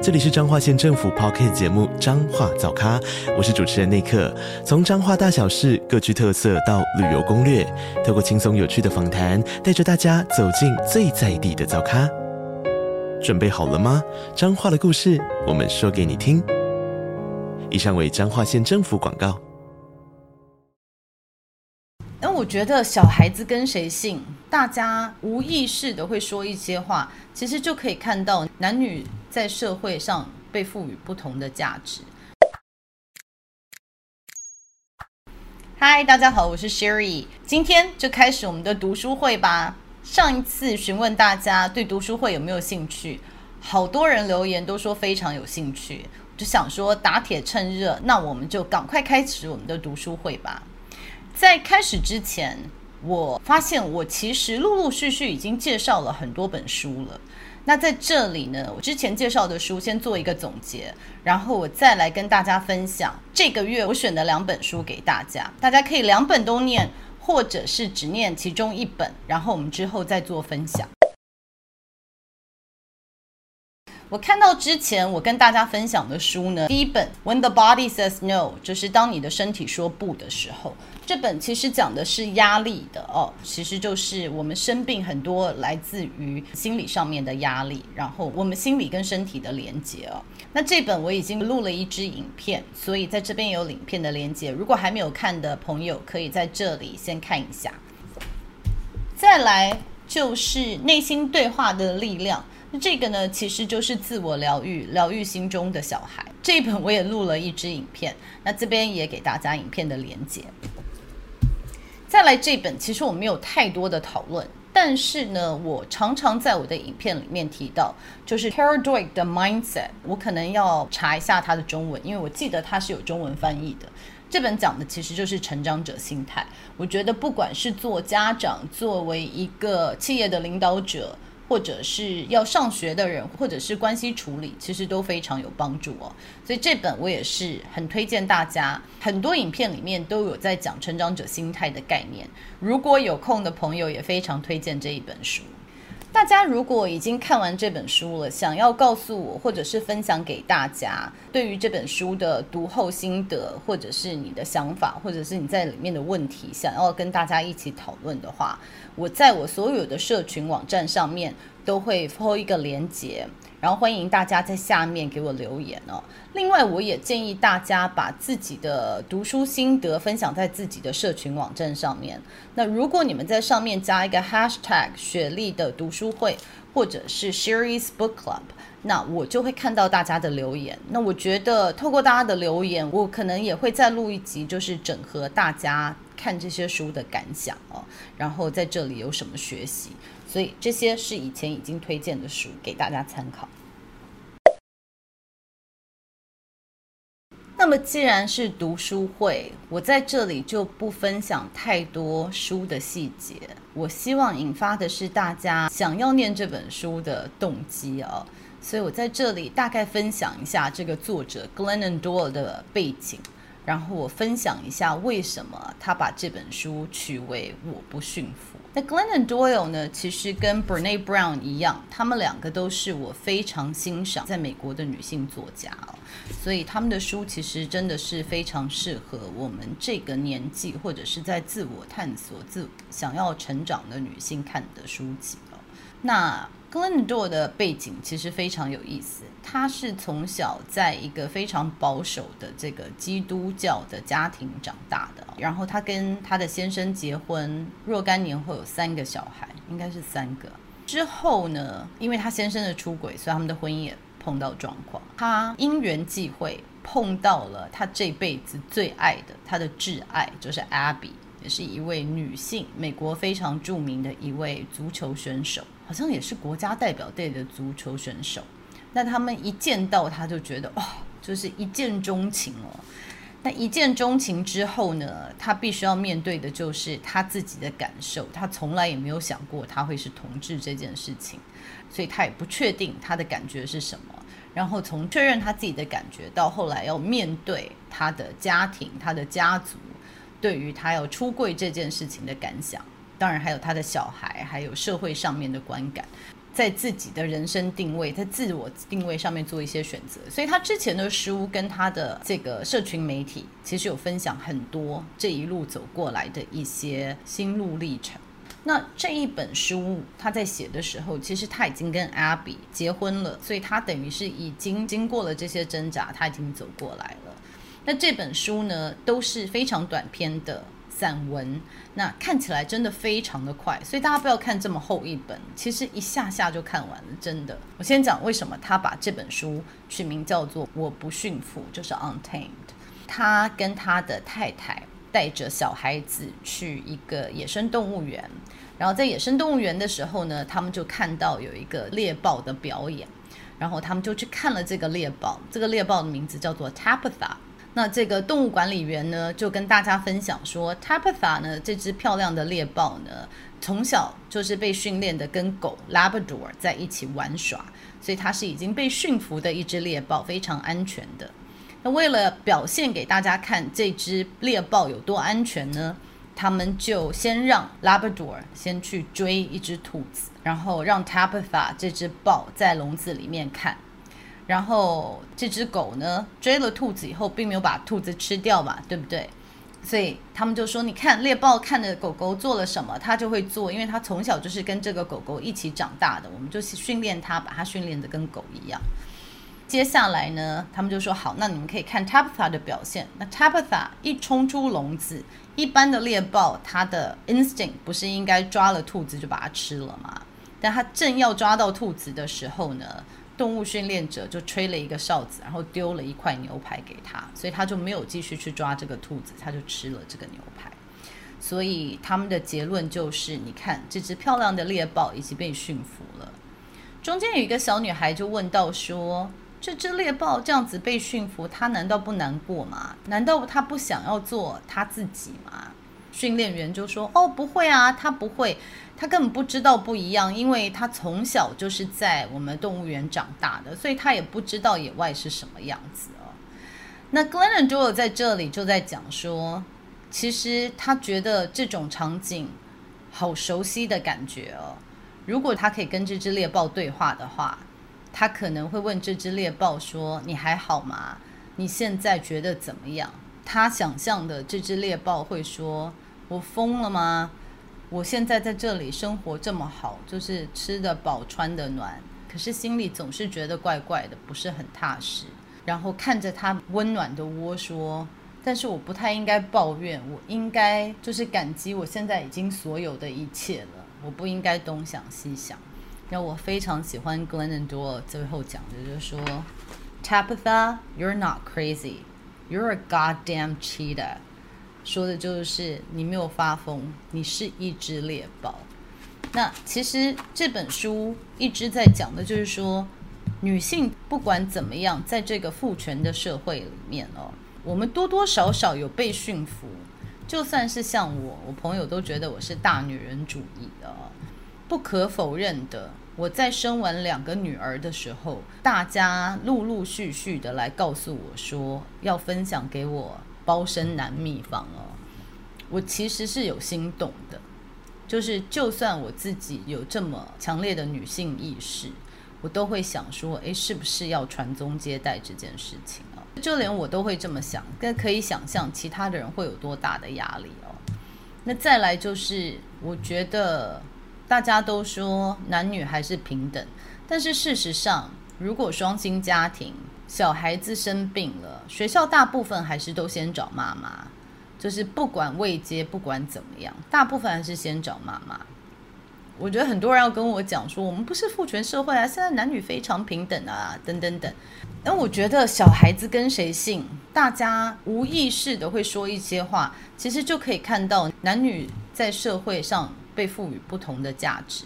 這裡是彰化縣政府 Podcast 節目彰化早咖，我是主持人內克。從彰化大小事各具特色到旅遊攻略，透過輕鬆有趣的訪談，帶着大家走進最在地的早咖。準備好了嗎？彰化的故事，我們說給你聽。以上為彰化縣政府廣告。那我覺得小孩子跟誰姓，大家無意識的會說一些話，其實就可以看到男女。在社會上被賦予不同的價值。嗨，大家好，我是 Sherry，今天就開始我們的讀書會吧。上一次詢問大家對讀書會有沒有興趣，好多人留言都說非常有興趣，就想說打鐵趁熱，那我們就趕快開始我們的讀書會吧。在開始之前，我發現我其實陸陸續續已經介紹了很多本書了。那在這裡呢，我之前介紹的書先做一個總結，然後我再來跟大家分享這個月我選的兩本書給大家，大家可以兩本都念，或者是只念其中一本，然後我們之後再做分享。我看到之前我跟大家分享的書呢，第一本《When the Body Says No》就是當你的身體說不的時候，這本其實講的是壓力的哦，其實就是我們生病很多來自於心理上面的壓力，然後我們心理跟身體的連接哦。那這本我已經錄了一支影片，所以在這邊有影片的連接，如果還沒有看的朋友可以在這裡先看一下。再來就是內心對話的力量。那這個呢，其實就是自我療癒，療癒心中的小孩。這一本我也錄了一支影片，那這邊也給大家影片的連接。再來這本，其實我沒有太多的討論，但是呢，我常常在我的影片裡面提到，就是 Carol Dweck 的 mindset，我可能要查一下它的中文，因為我記得它是有中文翻譯的。這本講的其實就是成長者心態。我覺得不管是做家長，作為一個企業的領導者。或者是要上學的人，或者是關係處理，其實都非常有幫助哦。所以這本我也是很推薦大家。很多影片裡面都有在講成長者心態的概念。如果有空的朋友，也非常推薦這一本書。大家如果已經看完這本書了，想要告訴我，或者是分享給大家對於這本書的讀後心得，或者是你的想法，或者是你在裡面的問題，想要跟大家一起討論的話，我在我所有的社群網站上面都會拋一個鏈接。然後歡迎大家在下面給我留言哦。另外，我也建議大家把自己的讀書心得分享在自己的社群網站上面。那如果你們在上面加一個 HASHTAG—— 雪力的讀書會，或者是 #SherrysBookClub，那我就會看到大家的留言。那我覺得，透過大家的留言，我可能也會再錄一集，就是整合大家看這些書的感想哦。然後在這裡有什麼學習？所以這些是以前已經推薦的書，給大家參考。那麼既然是讀書會，我在這裡就不分享太多書的細節。我希望引發的是大家想要念這本書的動機啊、哦。所以我在這裡大概分享一下這個作者 Glennon Doyle 的背景，然後我分享一下為什麼他把這本書取為《我不馴服》。Glennon Doyle 呢，其實跟 Brené Brown 一樣，她們兩個都是我非常欣賞在美國的女性作家，所以她們的書其實真的是非常適合我們這個年紀或者是在自我探索、自我想要成長的女性看的書籍。那 Glennon Doyle 的背景其實非常有意思，她是從小在一個非常保守的這個基督教的家庭長大的。然後她跟她的先生結婚若干年後有三個小孩，應該是三個。之後呢，因為她先生的出軌，所以他們的婚姻也碰到狀況。她因緣際會碰到了她這輩子最愛的，她的摯愛就是 Abby，也是一位女性，美國非常著名的一位足球選手。好像也是國家代表隊的足球選手，那他們一見到他就覺得哦，就是一見鍾情哦。那一見鍾情之後呢，他必須要面對的就是他自己的感受。他從來也沒有想過他會是同志這件事情，所以他也不確定他的感覺是什麼。然後從確認他自己的感覺到後來要面對他的家庭、他的家族，對於他要出櫃這件事情的感想。當然還有他的小孩，還有社會上面的觀感，在自己的人生定位，在自我定位上面做一些選擇。所以他之前的書跟他的這個社群媒體，其實有分享很多這一路走過來的一些心路歷程。那這一本書他在寫的時候，其實他已經跟 Abby 結婚了，所以他等於是已經經過了這些掙扎，他已經走過來了。那這本書呢，都是非常短篇的。散文，那看起來真的非常的快，所以大家不要看這麼厚一本，其實一下下就看完了，真的。我先講為什麼他把這本書取名叫做《我不馴服》，就是 Untamed。他跟他的太太帶着小孩子去一個野生動物園，然後在野生動物園的時候呢，他們就看到有一個獵豹的表演，然後他們就去看了這個獵豹，這個獵豹的名字叫做 Tabitha 那這個動物管理員呢，就跟大家分享說，Tapetha 呢這隻漂亮的獵豹呢，從小就是被訓練的跟狗 Labrador 在一起玩耍，所以它是已經被馴服的一隻獵豹，非常安全的。那為了表現給大家看這隻獵豹有多安全呢，他們就先讓 Labrador 先去追一隻兔子，然後讓 Tapetha 這隻豹在籠子裡面看。然後這隻狗呢，追了兔子以後，並沒有把兔子吃掉嘛，對不對？所以他們就說，你看獵豹看着狗狗做了什麼，它就會做，因為它從小就是跟這個狗狗一起長大的。我們就去訓練它，把它訓練得跟狗一樣。接下來呢，他們就說，好，那你們可以看 Tabitha 的表現。那 Tabitha 一衝出籠子，一般的獵豹它的 instinct 不是應該抓了兔子就把它吃了嗎？但它正要抓到兔子的時候呢？動物訓練者就吹了一個哨子，然後丟了一塊牛排給他，所以他就沒有繼續去抓這個兔子，他就吃了這個牛排。所以他們的結論就是：你看，這只漂亮的獵豹已經被馴服了。中間有一個小女孩就問道說：“這只獵豹這樣子被馴服，它難道不難過嗎？難道它不想要做它自己嗎？”訓練員就說：“哦，不會啊，他不會，他根本不知道不一樣，因為他從小就是在我們動物園長大的，所以他也不知道野外是什麼樣子哦。那 Glennon Doyle 在這裡就在講說，其實他覺得這種場景好熟悉的感覺哦。如果他可以跟這隻獵豹對話的話，他可能會問這隻獵豹說：“你還好嗎？你現在覺得怎麼樣？”他想象的這隻獵豹會說。我瘋了嗎？我現在在這裡生活這麼好，就是吃得飽、穿得暖，可是心裡總是覺得怪怪的，不是很踏實。然後看着他溫暖的窩說：“但是我不太應該抱怨，我應該就是感激我現在已經所有的一切了。我不應該東想西想。”然後我非常喜歡 Glennon Doyle 最後講的就是說 “Tabitha, you're not crazy，you're a goddamn cheetah。”說的就是你沒有發瘋，你是一隻獵豹。那其實這本書一直在講的就是說，女性不管怎麼樣，在這個父權的社會裡面哦，我們多多少少有被馴服。就算是像我，我朋友都覺得我是大女人主義的哦。不可否認的，我在生完兩個女兒的時候，大家陸陸續續的來告訴我說要分享給我。包生男秘方哦，我其實是有心動的，就是就算我自己有這麼強烈的女性意識，我都會想說，哎，是不是要傳宗接代這件事情啊、哦？就連我都會這麼想，更可以想象其他的人會有多大的壓力哦。那再來就是，我覺得大家都說男女還是平等，但是事實上，如果雙親家庭。小孩子生病了，學校大部分還是都先找媽媽，就是不管位階，不管怎麼樣，大部分還是先找媽媽。我覺得很多人要跟我講說，我們不是父權社會啊，現在男女非常平等啊，等等等。但我覺得小孩子跟誰姓，大家無意識的會說一些話，其實就可以看到男女在社會上被賦予不同的價值。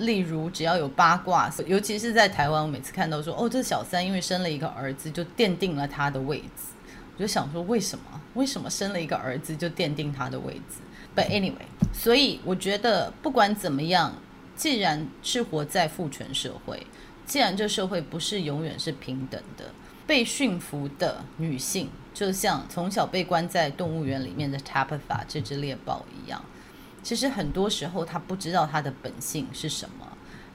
例如，只要有八卦，尤其是在台灣，我每次看到說，哦，這小三因為生了一個兒子，就奠定了他的位置，我就想說，為什麼？為什麼生了一個兒子就奠定他的位置？But anyway，所以我覺得不管怎麼樣，既然是活在父權社會，既然這社會不是永遠是平等的，被馴服的女性，就像從小被關在動物園裡面的 Tapafa 這隻獵豹一樣。其實很多時候，他不知道他的本性是什麼，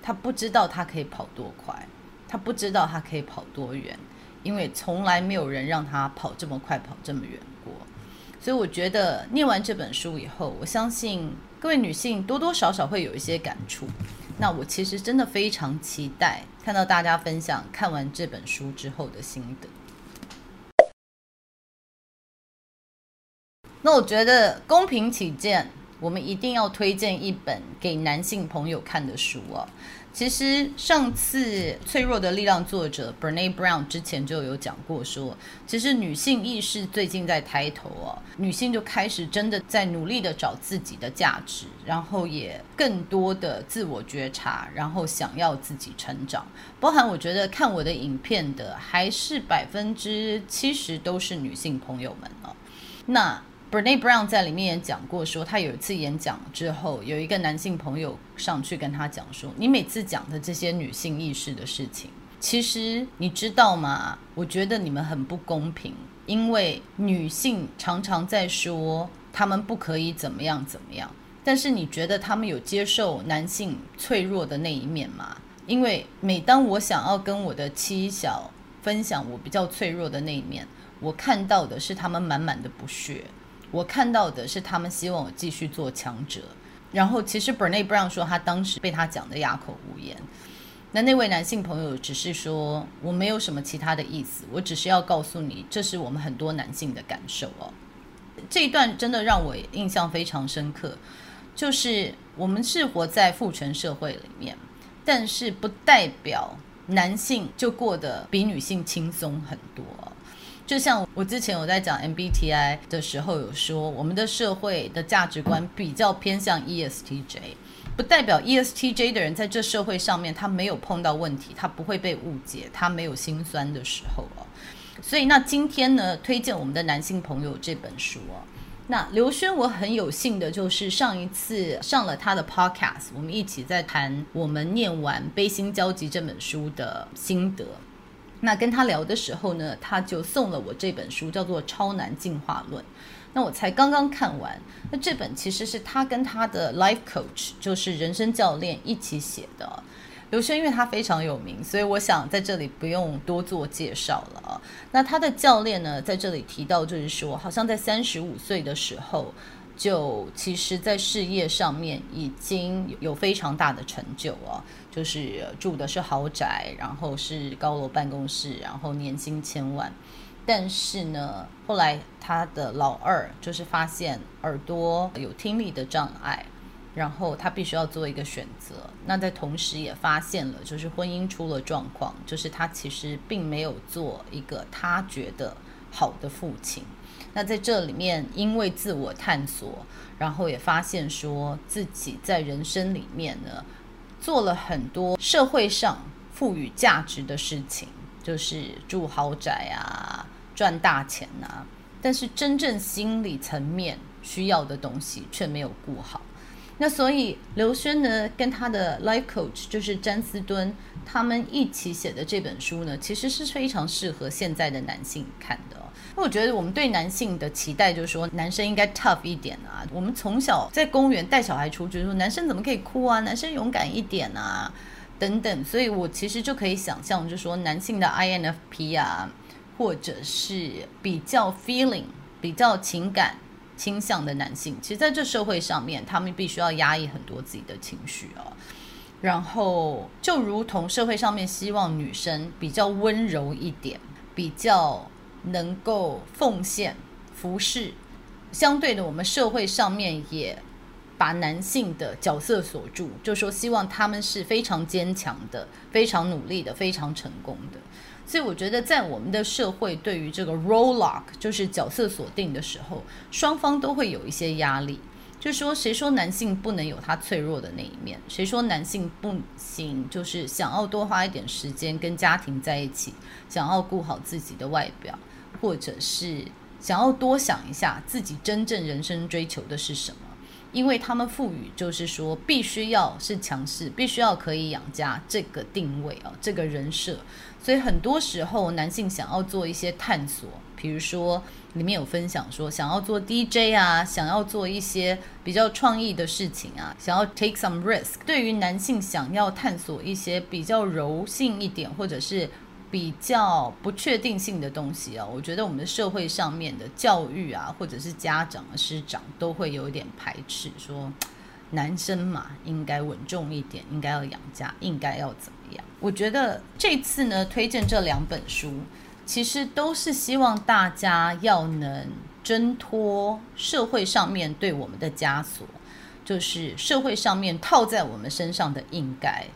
他不知道他可以跑多快，他不知道他可以跑多遠，因為從來沒有人讓他跑這麼快、跑這麼遠過。所以，我覺得念完這本書以後，我相信各位女性多多少少會有一些感觸。那我其實真的非常期待看到大家分享看完這本書之後的心得。那我覺得公平起見。我們一定要推薦一本給男性朋友看的書哦、啊。其實上次《脆弱的力量》作者 Brené Brown 之前就有講過，說其實女性意識最近在抬頭哦、啊，女性就開始真的在努力的找自己的價值，然後也更多的自我覺察，然後想要自己成長。包含我覺得看我的影片的還是百分之七十都是女性朋友們、啊、那。Brené Brown 在裡面也講過說，說他有一次演講之後，有一個男性朋友上去跟他講說：“你每次講的這些女性意識的事情，其實你知道嗎？我覺得你們很不公平，因為女性常常在說她們不可以怎麼樣怎麼樣，但是你覺得他們有接受男性脆弱的那一面嗎？因為每當我想要跟我的妻小分享我比較脆弱的那一面，我看到的是他們滿滿的不屑。”我看到的是，他們希望我繼續做強者。然後，其實 Brené Brown 說，他當時被他講得啞口無言。那那位男性朋友只是說，我沒有什麼其他的意思，我只是要告訴你，這是我們很多男性的感受哦。這一段真的讓我印象非常深刻，就是我們是活在父權社會裡面，但是不代表男性就過得比女性輕鬆很多。就像我之前有在講 MBTI 的時候有說，我們的社會的價值觀比較偏向 ESTJ，不代表 ESTJ 的人在這社會上面他沒有碰到問題，他不會被誤解，他沒有心酸的時候哦。所以那今天呢，推薦我們的男性朋友這本書哦。那劉軒我很有幸的就是上一次上了他的 Podcast，我們一起在談我們念完《悲心交集》這本書的心得。那跟他聊的時候呢，他就送了我這本書，叫做《超男進化論》。那我才剛剛看完，那這本其實是他跟他的 life coach，就是人生教練一起寫的。劉軒因為他非常有名，所以我想在這裡不用多做介紹了。那他的教練呢，在這裡提到，就是說，好像在三十五歲的時候。就其實，在事業上面已經有非常大的成就啊，就是住的是豪宅，然後是高樓辦公室，然後年薪千萬。但是呢，後來他的老二就是發現耳朵有聽力的障礙，然後他必須要做一個選擇。那在同時也發現了，就是婚姻出了狀況，就是他其實並沒有做一個他覺得好的父親。那在這裡面，因為自我探索，然後也發現說自己在人生裡面呢，做了很多社會上賦予價值的事情，就是住豪宅啊，賺大錢啊，但是真正心理層面需要的東西卻沒有顧好。那所以劉軒呢，跟他的 life coach 就是詹斯敦，他們一起寫的這本書呢，其實是非常適合現在的男性看的。我覺得我們對男性的期待就是說，男生應該 tough 一點啊。我們從小在公園帶小孩出去說，男生怎麼可以哭啊？男生勇敢一點啊，等等。所以我其實就可以想象，就是說男性的 INFP 啊，或者是比較 feeling、比較情感。傾向的男性，其實在這社會上面，他們必須要壓抑很多自己的情緒哦。然後，就如同社會上面希望女生比較溫柔一點，比較能夠奉獻、服侍，相對的，我們社會上面也把男性的角色鎖住，就說希望他們是非常堅強的、非常努力的、非常成功的。所以我覺得，在我們的社會對於這個 role lock，就是角色鎖定的時候，雙方都會有一些壓力。就是說，誰說男性不能有他脆弱的那一面？誰說男性不行？就是想要多花一點時間跟家庭在一起，想要顧好自己的外表，或者是想要多想一下自己真正人生追求的是什麼？因為他們賦予就是說，必須要是強勢，必須要可以養家這個定位啊，這個人設。所以很多時候，男性想要做一些探索，比如說裡面有分享說想要做 DJ 啊，想要做一些比較創意的事情啊，想要 take some risk。對於男性想要探索一些比較柔性一點，或者是比較不確定性的東西啊，我覺得我們的社會上面的教育啊，或者是家長啊，師長都會有一點排斥說，說男生嘛，應該穩重一點，應該要養家，應該要怎麼。我覺得這次呢，推薦這兩本書，其實都是希望大家要能掙脫社會上面對我們的枷鎖，就是社會上面套在我們身上的應該。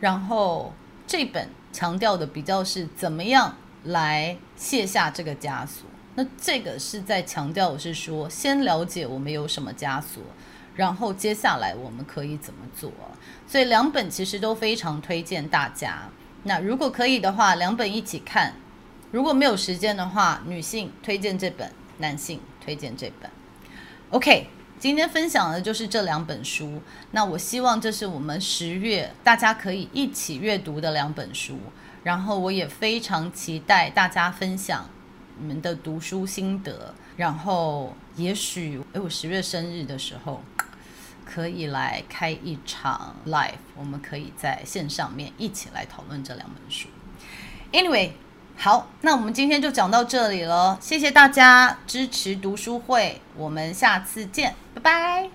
然後這本強調的比較是怎麼樣來卸下這個枷鎖，那這個是在強調我是說，先了解我們有什麼枷鎖。然後接下來我們可以怎麼做？所以兩本其實都非常推薦大家。那如果可以的話，兩本一起看；如果沒有時間的話，女性推薦這本，男性推薦這本。OK，今天分享的就是這兩本書。那我希望這是我們十月大家可以一起閱讀的兩本書。然後我也非常期待大家分享你們的讀書心得。然後也許，哎，我十月生日的時候。可以來開一場 live，我們可以在線上面一起來討論這兩本書。Anyway，好，那我們今天就講到這裡了，謝謝大家支持讀書會，我們下次見，拜拜。